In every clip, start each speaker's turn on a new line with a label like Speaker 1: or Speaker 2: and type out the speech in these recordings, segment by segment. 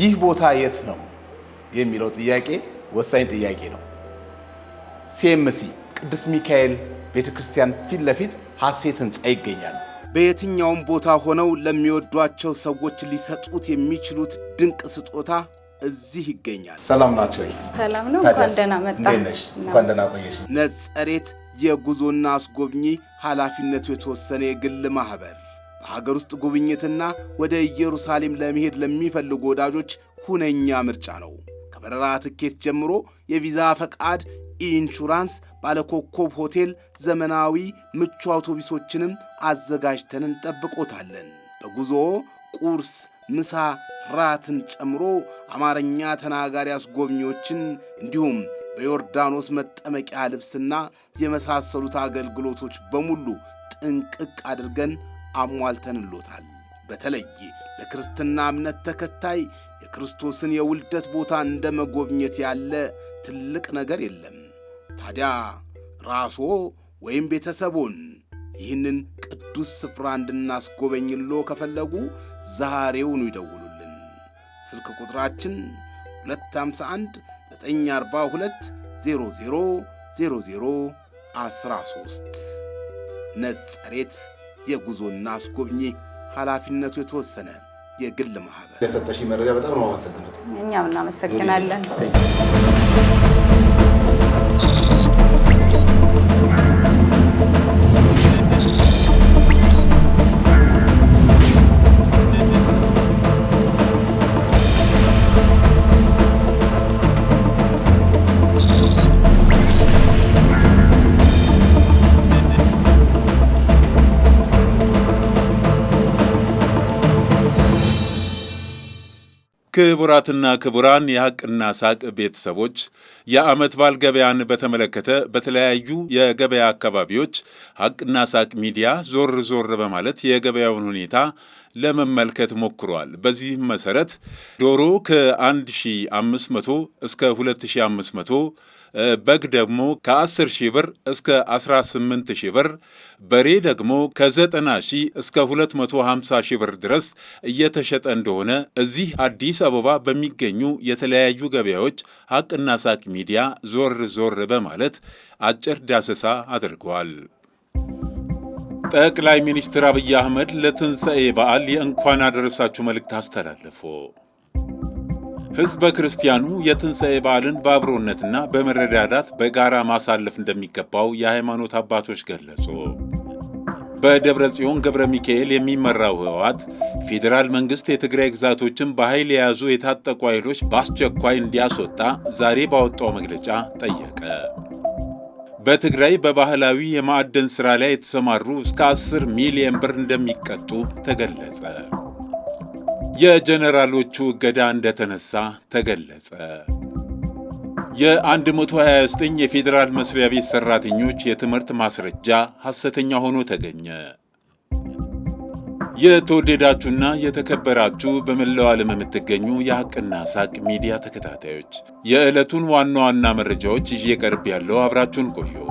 Speaker 1: ይህ ቦታ የት ነው የሚለው ጥያቄ ወሳኝ ጥያቄ ነው። ሲኤምሲ ቅዱስ ሚካኤል ቤተክርስቲያን ፊት ለፊት ሐሴት ሕንፃ ይገኛል።
Speaker 2: በየትኛውም ቦታ ሆነው ለሚወዷቸው ሰዎች ሊሰጡት የሚችሉት ድንቅ ስጦታ እዚህ ይገኛል።
Speaker 1: ሰላም ናቸው።
Speaker 3: ሰላም ነው። እንኳን ደህና
Speaker 1: እንኳን ደህና ቆየሽ።
Speaker 2: ነጸሬት የጉዞና አስጎብኚ ኃላፊነቱ የተወሰነ የግል ማህበር በሀገር ውስጥ ጉብኝትና ወደ ኢየሩሳሌም ለመሄድ ለሚፈልጉ ወዳጆች ሁነኛ ምርጫ ነው። ከበረራ ትኬት ጀምሮ የቪዛ ፈቃድ፣ ኢንሹራንስ፣ ባለኮከብ ሆቴል፣ ዘመናዊ ምቹ አውቶቡሶችንም አዘጋጅተን እንጠብቆታለን። በጉዞ ቁርስ፣ ምሳ፣ ራትን ጨምሮ አማርኛ ተናጋሪ አስጎብኚዎችን እንዲሁም በዮርዳኖስ መጠመቂያ ልብስና የመሳሰሉት አገልግሎቶች በሙሉ ጥንቅቅ አድርገን አሟልተንሎታል። በተለይ ለክርስትና እምነት ተከታይ የክርስቶስን የውልደት ቦታ እንደ መጎብኘት ያለ ትልቅ ነገር የለም። ታዲያ ራስዎ ወይም ቤተሰቦን ይህንን ቅዱስ ስፍራ እንድናስጎበኝሎ ከፈለጉ ዛሬውኑ ይደውሉልን። ስልክ ቁጥራችን 251 942 13 ነጸሬት የጉዞና አስጎብኚ ኃላፊነቱ የተወሰነ የግል ማህበር።
Speaker 1: ለሰጠሽ መረጃ በጣም ነው አመሰግናለሁ።
Speaker 3: እኛም እናመሰግናለን።
Speaker 2: ክቡራትና ክቡራን የሐቅና ሳቅ ቤተሰቦች የዓመት በዓል ገበያን በተመለከተ በተለያዩ የገበያ አካባቢዎች ሐቅና ሳቅ ሚዲያ ዞር ዞር በማለት የገበያውን ሁኔታ ለመመልከት ሞክሯል። በዚህም መሠረት ዶሮ ከ1500 እስከ 2500 በግ ደግሞ ከ10 ሺህ ብር እስከ 18 ሺህ ብር፣ በሬ ደግሞ ከ90 ሺህ እስከ 250 ሺህ ብር ድረስ እየተሸጠ እንደሆነ እዚህ አዲስ አበባ በሚገኙ የተለያዩ ገበያዎች ሐቅና ሳቅ ሚዲያ ዞር ዞር በማለት አጭር ዳሰሳ አድርገዋል። ጠቅላይ ሚኒስትር አብይ አህመድ ለትንሣኤ በዓል የእንኳን አደረሳችሁ መልእክት አስተላለፉ። ሕዝበ ክርስቲያኑ የትንሣኤ በዓልን በአብሮነትና በመረዳዳት በጋራ ማሳለፍ እንደሚገባው የሃይማኖት አባቶች ገለጹ። በደብረ ጽዮን ገብረ ሚካኤል የሚመራው ህወሓት ፌዴራል መንግሥት የትግራይ ግዛቶችን በኃይል የያዙ የታጠቁ ኃይሎች በአስቸኳይ እንዲያስወጣ ዛሬ ባወጣው መግለጫ ጠየቀ። በትግራይ በባህላዊ የማዕደን ሥራ ላይ የተሰማሩ እስከ 10 ሚሊየን ብር እንደሚቀጡ ተገለጸ። የጀነራሎቹ እገዳ እንደተነሳ ተገለጸ። የ129 የፌዴራል መስሪያ ቤት ሠራተኞች የትምህርት ማስረጃ ሐሰተኛ ሆኖ ተገኘ። የተወደዳችሁና የተከበራችሁ በመላው ዓለም የምትገኙ የሐቅና ሳቅ ሚዲያ ተከታታዮች የዕለቱን ዋና ዋና መረጃዎች ይዤ ቀርብ ያለው አብራችሁን ቆየው።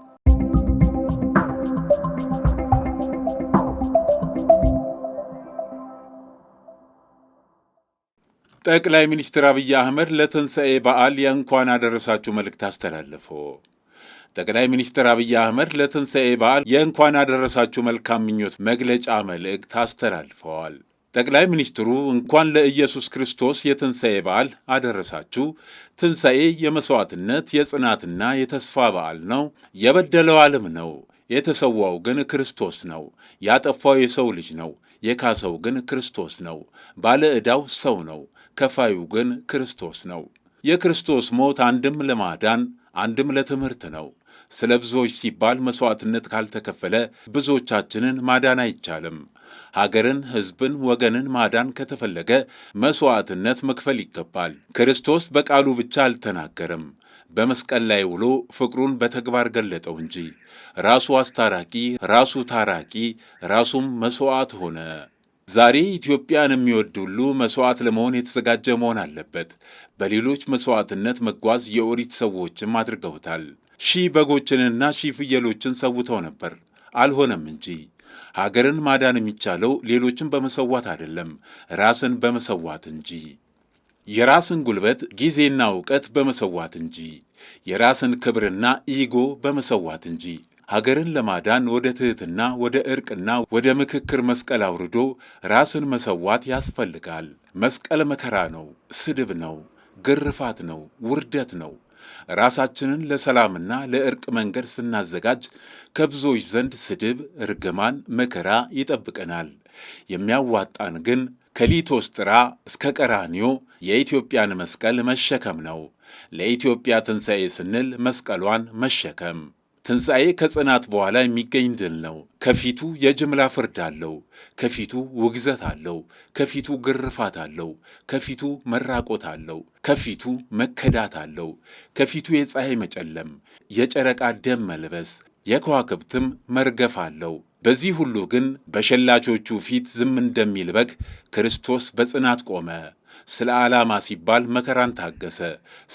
Speaker 2: ጠቅላይ ሚኒስትር አብይ አህመድ ለትንሣኤ በዓል የእንኳን አደረሳችሁ መልእክት አስተላለፉ። ጠቅላይ ሚኒስትር አብይ አህመድ ለትንሣኤ በዓል የእንኳን አደረሳችሁ መልካም ምኞት መግለጫ መልእክት አስተላልፈዋል። ጠቅላይ ሚኒስትሩ እንኳን ለኢየሱስ ክርስቶስ የትንሣኤ በዓል አደረሳችሁ። ትንሣኤ የመሥዋዕትነት የጽናትና የተስፋ በዓል ነው። የበደለው ዓለም ነው፣ የተሰዋው ግን ክርስቶስ ነው። ያጠፋው የሰው ልጅ ነው፣ የካሰው ግን ክርስቶስ ነው። ባለ ዕዳው ሰው ነው። ከፋዩ ግን ክርስቶስ ነው። የክርስቶስ ሞት አንድም ለማዳን አንድም ለትምህርት ነው። ስለ ብዙዎች ሲባል መሥዋዕትነት ካልተከፈለ ብዙዎቻችንን ማዳን አይቻልም። ሀገርን፣ ሕዝብን፣ ወገንን ማዳን ከተፈለገ መሥዋዕትነት መክፈል ይገባል። ክርስቶስ በቃሉ ብቻ አልተናገረም። በመስቀል ላይ ውሎ ፍቅሩን በተግባር ገለጠው እንጂ ራሱ አስታራቂ፣ ራሱ ታራቂ፣ ራሱም መሥዋዕት ሆነ። ዛሬ ኢትዮጵያን የሚወድ ሁሉ መሥዋዕት ለመሆን የተዘጋጀ መሆን አለበት። በሌሎች መሥዋዕትነት መጓዝ የኦሪት ሰዎችም አድርገውታል። ሺህ በጎችንና ሺህ ፍየሎችን ሰውተው ነበር፣ አልሆነም እንጂ። ሀገርን ማዳን የሚቻለው ሌሎችን በመሰዋት አይደለም፣ ራስን በመሰዋት እንጂ። የራስን ጉልበት ጊዜና እውቀት በመሰዋት እንጂ። የራስን ክብርና ኢጎ በመሰዋት እንጂ ሀገርን ለማዳን ወደ ትሕትና፣ ወደ ዕርቅና ወደ ምክክር መስቀል አውርዶ ራስን መሰዋት ያስፈልጋል። መስቀል መከራ ነው፣ ስድብ ነው፣ ግርፋት ነው፣ ውርደት ነው። ራሳችንን ለሰላምና ለእርቅ መንገድ ስናዘጋጅ ከብዙዎች ዘንድ ስድብ፣ ርግማን፣ መከራ ይጠብቀናል። የሚያዋጣን ግን ከሊቶስጥራ እስከ ቀራኒዮ የኢትዮጵያን መስቀል መሸከም ነው። ለኢትዮጵያ ትንሣኤ ስንል መስቀሏን መሸከም ትንሣኤ ከጽናት በኋላ የሚገኝ ድል ነው። ከፊቱ የጅምላ ፍርድ አለው። ከፊቱ ውግዘት አለው። ከፊቱ ግርፋት አለው። ከፊቱ መራቆት አለው። ከፊቱ መከዳት አለው። ከፊቱ የፀሐይ መጨለም፣ የጨረቃ ደም መልበስ፣ የከዋክብትም መርገፍ አለው። በዚህ ሁሉ ግን በሸላቾቹ ፊት ዝም እንደሚል በግ ክርስቶስ በጽናት ቆመ። ስለ ዓላማ ሲባል መከራን ታገሰ።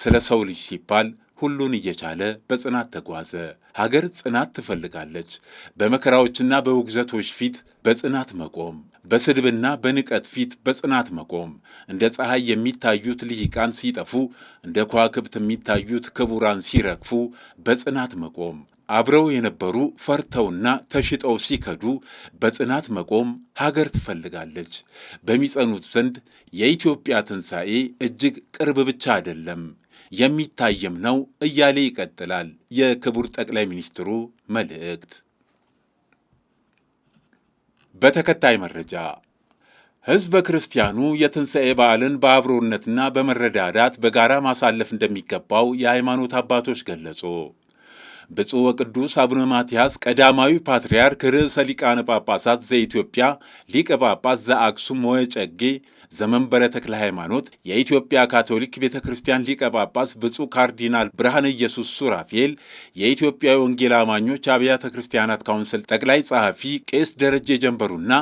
Speaker 2: ስለ ሰው ልጅ ሲባል ሁሉን እየቻለ በጽናት ተጓዘ። ሀገር ጽናት ትፈልጋለች። በመከራዎችና በውግዘቶች ፊት በጽናት መቆም፣ በስድብና በንቀት ፊት በጽናት መቆም። እንደ ፀሐይ የሚታዩት ልሂቃን ሲጠፉ፣ እንደ ከዋክብት የሚታዩት ክቡራን ሲረግፉ በጽናት መቆም አብረው የነበሩ ፈርተውና ተሽጠው ሲከዱ በጽናት መቆም ሀገር ትፈልጋለች። በሚጸኑት ዘንድ የኢትዮጵያ ትንሣኤ እጅግ ቅርብ ብቻ አይደለም የሚታይም ነው እያለ ይቀጥላል የክቡር ጠቅላይ ሚኒስትሩ መልእክት። በተከታይ መረጃ ሕዝበ ክርስቲያኑ የትንሣኤ በዓልን በአብሮነትና በመረዳዳት በጋራ ማሳለፍ እንደሚገባው የሃይማኖት አባቶች ገለጹ። ብፁዕ ወቅዱስ አቡነ ማትያስ ቀዳማዊ ፓትርያርክ ርዕሰ ሊቃነ ጳጳሳት ዘኢትዮጵያ ሊቀ ጳጳስ ዘአክሱም ወጨጌ ዘመንበረ ተክለ ሃይማኖት የኢትዮጵያ ካቶሊክ ቤተ ክርስቲያን ሊቀ ጳጳስ ብፁዕ ካርዲናል ብርሃነ ኢየሱስ ሱራፌል የኢትዮጵያ ወንጌል አማኞች አብያተ ክርስቲያናት ካውንስል ጠቅላይ ጸሐፊ ቄስ ደረጀ ጀንበሩና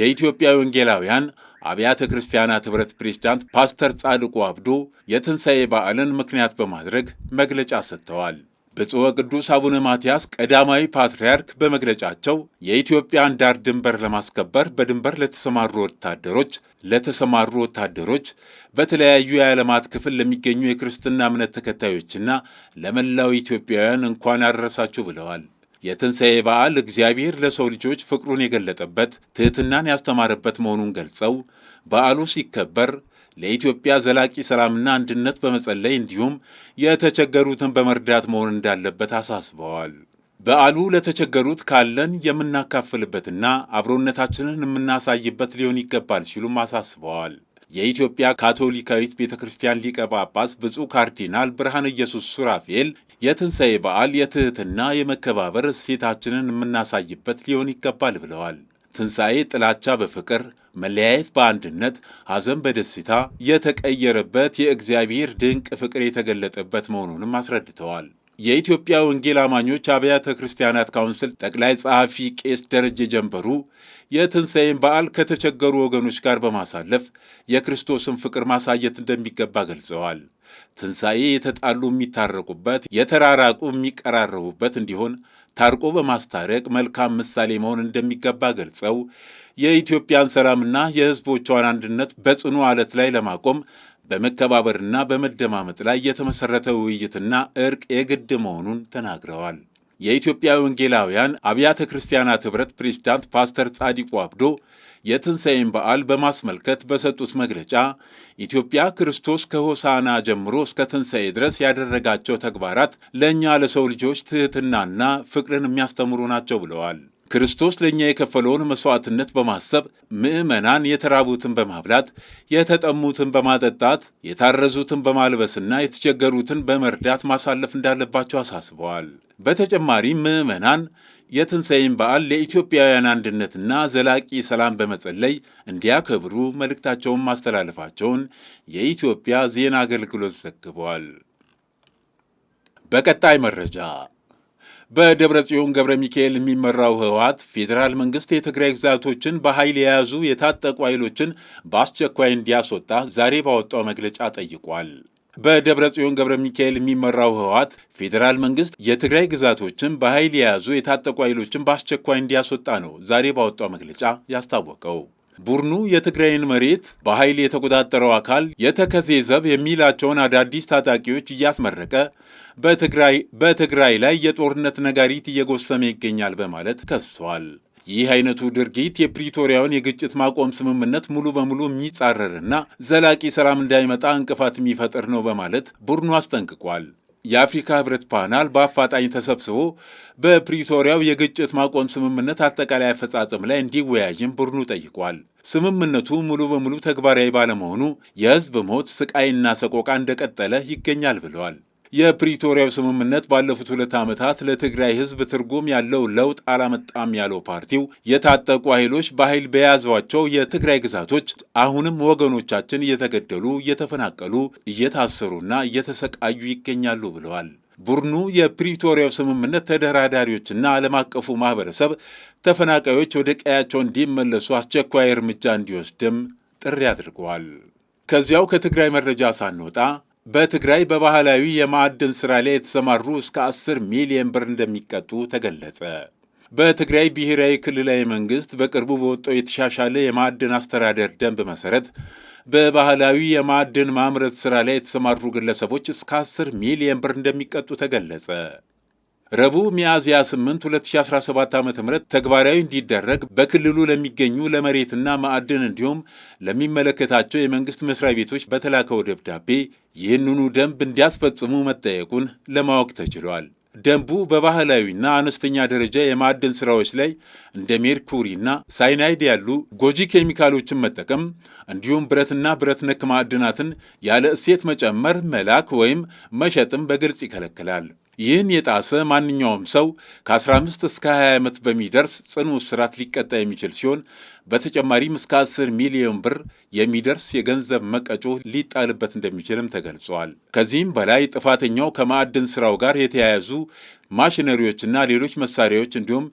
Speaker 2: የኢትዮጵያ ወንጌላውያን አብያተ ክርስቲያናት ኅብረት ፕሬዝዳንት ፓስተር ጻድቁ አብዶ የትንሣኤ በዓልን ምክንያት በማድረግ መግለጫ ሰጥተዋል። ብፁዕ ቅዱስ አቡነ ማትያስ ቀዳማዊ ፓትርያርክ በመግለጫቸው የኢትዮጵያን ዳር ድንበር ለማስከበር በድንበር ለተሰማሩ ወታደሮች ለተሰማሩ ወታደሮች በተለያዩ የዓለማት ክፍል ለሚገኙ የክርስትና እምነት ተከታዮችና ለመላው ኢትዮጵያውያን እንኳን አደረሳችሁ ብለዋል። የትንሣኤ በዓል እግዚአብሔር ለሰው ልጆች ፍቅሩን የገለጠበት ትሕትናን ያስተማረበት መሆኑን ገልጸው በዓሉ ሲከበር ለኢትዮጵያ ዘላቂ ሰላምና አንድነት በመጸለይ እንዲሁም የተቸገሩትን በመርዳት መሆን እንዳለበት አሳስበዋል። በዓሉ ለተቸገሩት ካለን የምናካፍልበትና አብሮነታችንን የምናሳይበት ሊሆን ይገባል ሲሉም አሳስበዋል። የኢትዮጵያ ካቶሊካዊት ቤተ ክርስቲያን ሊቀ ጳጳስ ብፁዕ ካርዲናል ብርሃነ ኢየሱስ ሱራፌል የትንሣኤ በዓል የትሕትና፣ የመከባበር እሴታችንን የምናሳይበት ሊሆን ይገባል ብለዋል። ትንሣኤ ጥላቻ በፍቅር፣ መለያየት በአንድነት፣ ሐዘን በደስታ የተቀየረበት የእግዚአብሔር ድንቅ ፍቅር የተገለጠበት መሆኑንም አስረድተዋል። የኢትዮጵያ ወንጌል አማኞች አብያተ ክርስቲያናት ካውንስል ጠቅላይ ጸሐፊ ቄስ ደረጀ ጀንበሩ የትንሣኤን በዓል ከተቸገሩ ወገኖች ጋር በማሳለፍ የክርስቶስን ፍቅር ማሳየት እንደሚገባ ገልጸዋል። ትንሣኤ የተጣሉ የሚታረቁበት፣ የተራራቁ የሚቀራረቡበት እንዲሆን ታርቆ በማስታረቅ መልካም ምሳሌ መሆን እንደሚገባ ገልጸው የኢትዮጵያን ሰላምና የሕዝቦቿን አንድነት በጽኑ አለት ላይ ለማቆም በመከባበርና በመደማመጥ ላይ የተመሠረተ ውይይትና እርቅ የግድ መሆኑን ተናግረዋል። የኢትዮጵያ ወንጌላውያን አብያተ ክርስቲያናት ኅብረት ፕሬዚዳንት ፓስተር ጻዲቁ አብዶ የትንሣኤን በዓል በማስመልከት በሰጡት መግለጫ ኢትዮጵያ ክርስቶስ ከሆሳና ጀምሮ እስከ ትንሣኤ ድረስ ያደረጋቸው ተግባራት ለእኛ ለሰው ልጆች ትሕትናና ፍቅርን የሚያስተምሩ ናቸው ብለዋል። ክርስቶስ ለእኛ የከፈለውን መሥዋዕትነት በማሰብ ምዕመናን የተራቡትን በማብላት የተጠሙትን በማጠጣት የታረዙትን በማልበስና የተቸገሩትን በመርዳት ማሳለፍ እንዳለባቸው አሳስበዋል። በተጨማሪም ምዕመናን የትንሣኤን በዓል ለኢትዮጵያውያን አንድነትና ዘላቂ ሰላም በመጸለይ እንዲያከብሩ መልእክታቸውን ማስተላለፋቸውን የኢትዮጵያ ዜና አገልግሎት ዘግቧል። በቀጣይ መረጃ በደብረ ጽዮን ገብረ ሚካኤል የሚመራው ህወሓት ፌዴራል መንግስት የትግራይ ግዛቶችን በኃይል የያዙ የታጠቁ ኃይሎችን በአስቸኳይ እንዲያስወጣ ዛሬ ባወጣው መግለጫ ጠይቋል። በደብረ ጽዮን ገብረ ሚካኤል የሚመራው ህወሓት ፌዴራል መንግስት የትግራይ ግዛቶችን በኃይል የያዙ የታጠቁ ኃይሎችን በአስቸኳይ እንዲያስወጣ ነው ዛሬ ባወጣው መግለጫ ያስታወቀው። ቡድኑ የትግራይን መሬት በኃይል የተቆጣጠረው አካል የተከዜ ዘብ የሚላቸውን አዳዲስ ታጣቂዎች እያስመረቀ በትግራይ ላይ የጦርነት ነጋሪት እየጎሰመ ይገኛል በማለት ከሷል። ይህ አይነቱ ድርጊት የፕሪቶሪያውን የግጭት ማቆም ስምምነት ሙሉ በሙሉ የሚጻረርና ዘላቂ ሰላም እንዳይመጣ እንቅፋት የሚፈጥር ነው በማለት ቡድኑ አስጠንቅቋል። የአፍሪካ ህብረት ፓናል በአፋጣኝ ተሰብስቦ በፕሪቶሪያው የግጭት ማቆም ስምምነት አጠቃላይ አፈጻጸም ላይ እንዲወያይም ቡድኑ ጠይቋል። ስምምነቱ ሙሉ በሙሉ ተግባራዊ ባለመሆኑ የህዝብ ሞት ስቃይና ሰቆቃ እንደቀጠለ ይገኛል ብለዋል። የፕሪቶሪያው ስምምነት ባለፉት ሁለት ዓመታት ለትግራይ ሕዝብ ትርጉም ያለው ለውጥ አላመጣም ያለው ፓርቲው የታጠቁ ኃይሎች በኃይል በያዟቸው የትግራይ ግዛቶች አሁንም ወገኖቻችን እየተገደሉ፣ እየተፈናቀሉ፣ እየታሰሩና እየተሰቃዩ ይገኛሉ ብለዋል። ቡድኑ የፕሪቶሪያው ስምምነት ተደራዳሪዎችና ዓለም አቀፉ ማኅበረሰብ ተፈናቃዮች ወደ ቀያቸው እንዲመለሱ አስቸኳይ እርምጃ እንዲወስድም ጥሪ አድርገዋል። ከዚያው ከትግራይ መረጃ ሳንወጣ በትግራይ በባህላዊ የማዕድን ሥራ ላይ የተሰማሩ እስከ 10 ሚሊዮን ብር እንደሚቀጡ ተገለጸ። በትግራይ ብሔራዊ ክልላዊ መንግሥት በቅርቡ በወጣው የተሻሻለ የማዕድን አስተዳደር ደንብ መሠረት በባህላዊ የማዕድን ማምረት ሥራ ላይ የተሰማሩ ግለሰቦች እስከ 10 ሚሊዮን ብር እንደሚቀጡ ተገለጸ። ረቡዕ ሚያዝያ 8 2017 ዓ ም ተግባራዊ እንዲደረግ በክልሉ ለሚገኙ ለመሬትና ማዕድን እንዲሁም ለሚመለከታቸው የመንግሥት መስሪያ ቤቶች በተላከው ደብዳቤ ይህንኑ ደንብ እንዲያስፈጽሙ መጠየቁን ለማወቅ ተችሏል። ደንቡ በባህላዊና አነስተኛ ደረጃ የማዕድን ስራዎች ላይ እንደ ሜርኩሪና ሳይናይድ ያሉ ጎጂ ኬሚካሎችን መጠቀም እንዲሁም ብረትና ብረት ነክ ማዕድናትን ያለ እሴት መጨመር፣ መላክ ወይም መሸጥም በግልጽ ይከለክላል። ይህን የጣሰ ማንኛውም ሰው ከ15 እስከ 20 ዓመት በሚደርስ ጽኑ እስራት ሊቀጣ የሚችል ሲሆን በተጨማሪም እስከ 10 ሚሊዮን ብር የሚደርስ የገንዘብ መቀጮ ሊጣልበት እንደሚችልም ተገልጿል። ከዚህም በላይ ጥፋተኛው ከማዕድን ስራው ጋር የተያያዙ ማሽነሪዎችና ሌሎች መሳሪያዎች እንዲሁም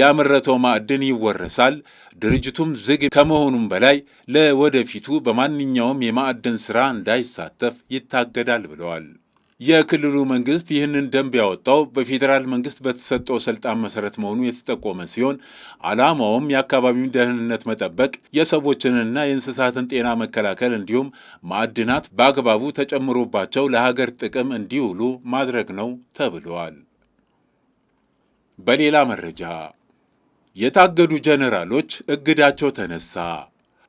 Speaker 2: ያመረተው ማዕድን ይወረሳል። ድርጅቱም ዝግ ከመሆኑም በላይ ለወደፊቱ በማንኛውም የማዕድን ስራ እንዳይሳተፍ ይታገዳል ብለዋል። የክልሉ መንግስት ይህንን ደንብ ያወጣው በፌዴራል መንግስት በተሰጠው ስልጣን መሰረት መሆኑ የተጠቆመ ሲሆን ዓላማውም የአካባቢውን ደህንነት መጠበቅ፣ የሰዎችንና የእንስሳትን ጤና መከላከል እንዲሁም ማዕድናት በአግባቡ ተጨምሮባቸው ለሀገር ጥቅም እንዲውሉ ማድረግ ነው ተብሏል። በሌላ መረጃ የታገዱ ጀኔራሎች እግዳቸው ተነሳ።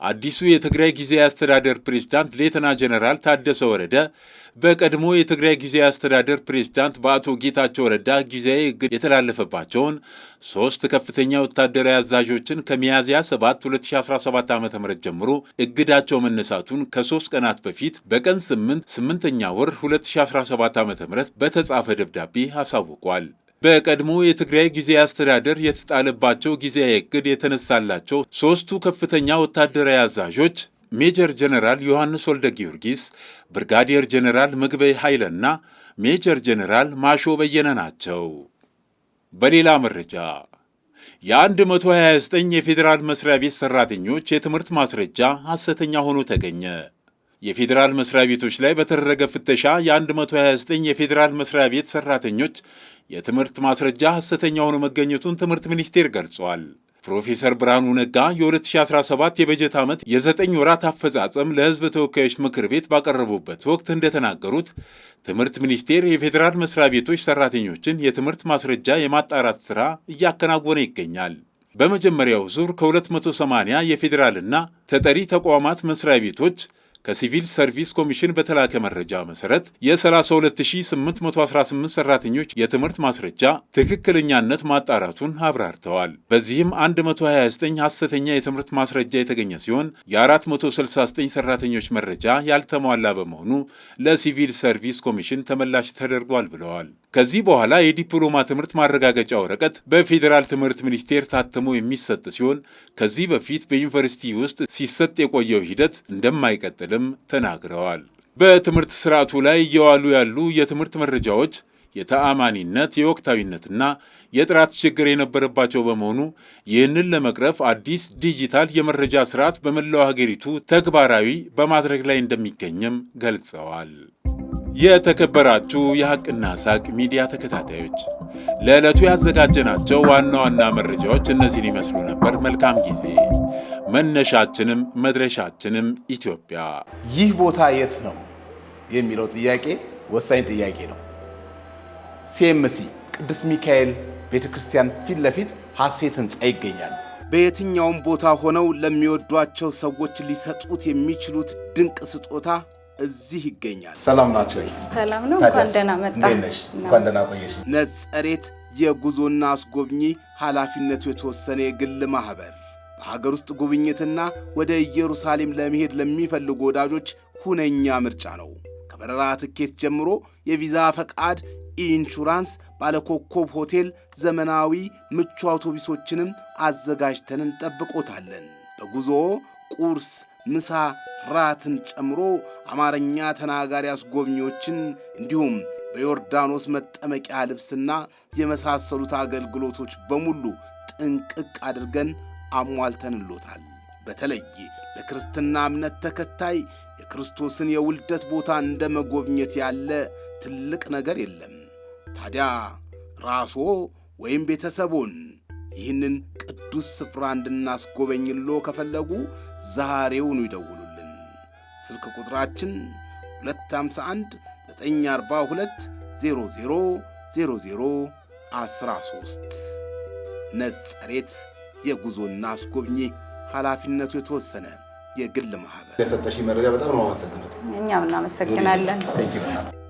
Speaker 2: አዲሱ የትግራይ ጊዜያዊ አስተዳደር ፕሬዝዳንት ሌተና ጀነራል ታደሰ ወረደ በቀድሞ የትግራይ ጊዜያዊ አስተዳደር ፕሬዝዳንት በአቶ ጌታቸው ረዳ ጊዜያዊ እግድ የተላለፈባቸውን ሶስት ከፍተኛ ወታደራዊ አዛዦችን ከሚያዝያ 7 2017 ዓ ም ጀምሮ እግዳቸው መነሳቱን ከሶስት ቀናት በፊት በቀን 8 8ኛ ወር 2017 ዓ ም በተጻፈ ደብዳቤ አሳውቋል። በቀድሞ የትግራይ ጊዜ አስተዳደር የተጣለባቸው ጊዜያዊ እቅድ የተነሳላቸው ሦስቱ ከፍተኛ ወታደራዊ አዛዦች ሜጀር ጀነራል ዮሐንስ ወልደ ጊዮርጊስ፣ ብርጋዴር ጀነራል ምግበይ ኃይለና ሜጀር ጀነራል ማሾ በየነ ናቸው። በሌላ መረጃ የ129 የፌዴራል መስሪያ ቤት ሠራተኞች የትምህርት ማስረጃ ሐሰተኛ ሆኖ ተገኘ። የፌዴራል መስሪያ ቤቶች ላይ በተደረገ ፍተሻ የ129 የፌዴራል መስሪያ ቤት ሰራተኞች የትምህርት ማስረጃ ሐሰተኛ ሆኖ መገኘቱን ትምህርት ሚኒስቴር ገልጿል። ፕሮፌሰር ብርሃኑ ነጋ የ2017 የበጀት ዓመት የዘጠኝ ወራት አፈጻጸም ለሕዝብ ተወካዮች ምክር ቤት ባቀረቡበት ወቅት እንደተናገሩት ትምህርት ሚኒስቴር የፌዴራል መስሪያ ቤቶች ሰራተኞችን የትምህርት ማስረጃ የማጣራት ሥራ እያከናወነ ይገኛል። በመጀመሪያው ዙር ከ280 የፌዴራልና ተጠሪ ተቋማት መስሪያ ቤቶች ከሲቪል ሰርቪስ ኮሚሽን በተላከ መረጃ መሰረት የ32818 ሰራተኞች የትምህርት ማስረጃ ትክክለኛነት ማጣራቱን አብራርተዋል። በዚህም 129 ሐሰተኛ የትምህርት ማስረጃ የተገኘ ሲሆን የ469 ሰራተኞች መረጃ ያልተሟላ በመሆኑ ለሲቪል ሰርቪስ ኮሚሽን ተመላሽ ተደርጓል ብለዋል። ከዚህ በኋላ የዲፕሎማ ትምህርት ማረጋገጫ ወረቀት በፌዴራል ትምህርት ሚኒስቴር ታትሞ የሚሰጥ ሲሆን ከዚህ በፊት በዩኒቨርሲቲ ውስጥ ሲሰጥ የቆየው ሂደት እንደማይቀጥልም ተናግረዋል። በትምህርት ስርዓቱ ላይ እየዋሉ ያሉ የትምህርት መረጃዎች የተአማኒነት የወቅታዊነትና የጥራት ችግር የነበረባቸው በመሆኑ ይህንን ለመቅረፍ አዲስ ዲጂታል የመረጃ ስርዓት በመላው ሀገሪቱ ተግባራዊ በማድረግ ላይ እንደሚገኝም ገልጸዋል። የተከበራችሁ የሐቅና ሳቅ ሚዲያ ተከታታዮች ለዕለቱ ያዘጋጀናቸው ዋና ዋና መረጃዎች እነዚህን ይመስሉ ነበር። መልካም ጊዜ። መነሻችንም መድረሻችንም ኢትዮጵያ።
Speaker 1: ይህ ቦታ የት ነው የሚለው ጥያቄ ወሳኝ ጥያቄ ነው። ሲኤምሲ ቅዱስ ሚካኤል ቤተ ክርስቲያን ፊት ለፊት ሐሴት ህንፃ ይገኛል።
Speaker 2: በየትኛውም ቦታ ሆነው ለሚወዷቸው ሰዎች ሊሰጡት የሚችሉት ድንቅ ስጦታ እዚህ ይገኛል።
Speaker 1: ሰላም ናቸው።
Speaker 3: ሰላም ነው። እንኳን ደህና
Speaker 1: እንኳን ደህና ቆየሽ።
Speaker 2: ነጸሬት የጉዞና አስጎብኚ ኃላፊነቱ የተወሰነ የግል ማኅበር በሀገር ውስጥ ጉብኝትና ወደ ኢየሩሳሌም ለመሄድ ለሚፈልጉ ወዳጆች ሁነኛ ምርጫ ነው። ከበረራ ትኬት ጀምሮ የቪዛ ፈቃድ፣ ኢንሹራንስ፣ ባለኮከብ ሆቴል፣ ዘመናዊ ምቹ አውቶቡሶችንም አዘጋጅተን እንጠብቆታለን። በጉዞ ቁርስ ምሳ፣ ራትን ጨምሮ አማርኛ ተናጋሪ አስጎብኚዎችን እንዲሁም በዮርዳኖስ መጠመቂያ ልብስና የመሳሰሉት አገልግሎቶች በሙሉ ጥንቅቅ አድርገን አሟልተንሎታል። በተለይ ለክርስትና እምነት ተከታይ የክርስቶስን የውልደት ቦታ እንደ መጎብኘት ያለ ትልቅ ነገር የለም። ታዲያ ራስዎ ወይም ቤተሰቦን ይህንን ቅዱስ ስፍራ እንድናስጎበኝሎ ከፈለጉ ዛሬውኑ ይደውሉልን። ስልክ ቁጥራችን 251 942 00 00 13 ነጸሬት የጉዞና አስጎብኚ ኃላፊነቱ የተወሰነ የግል ማህበር።
Speaker 1: ለሰጠሽ መረጃ በጣም ነው አመሰግናለሁ።
Speaker 3: እኛም እናመሰግናለን።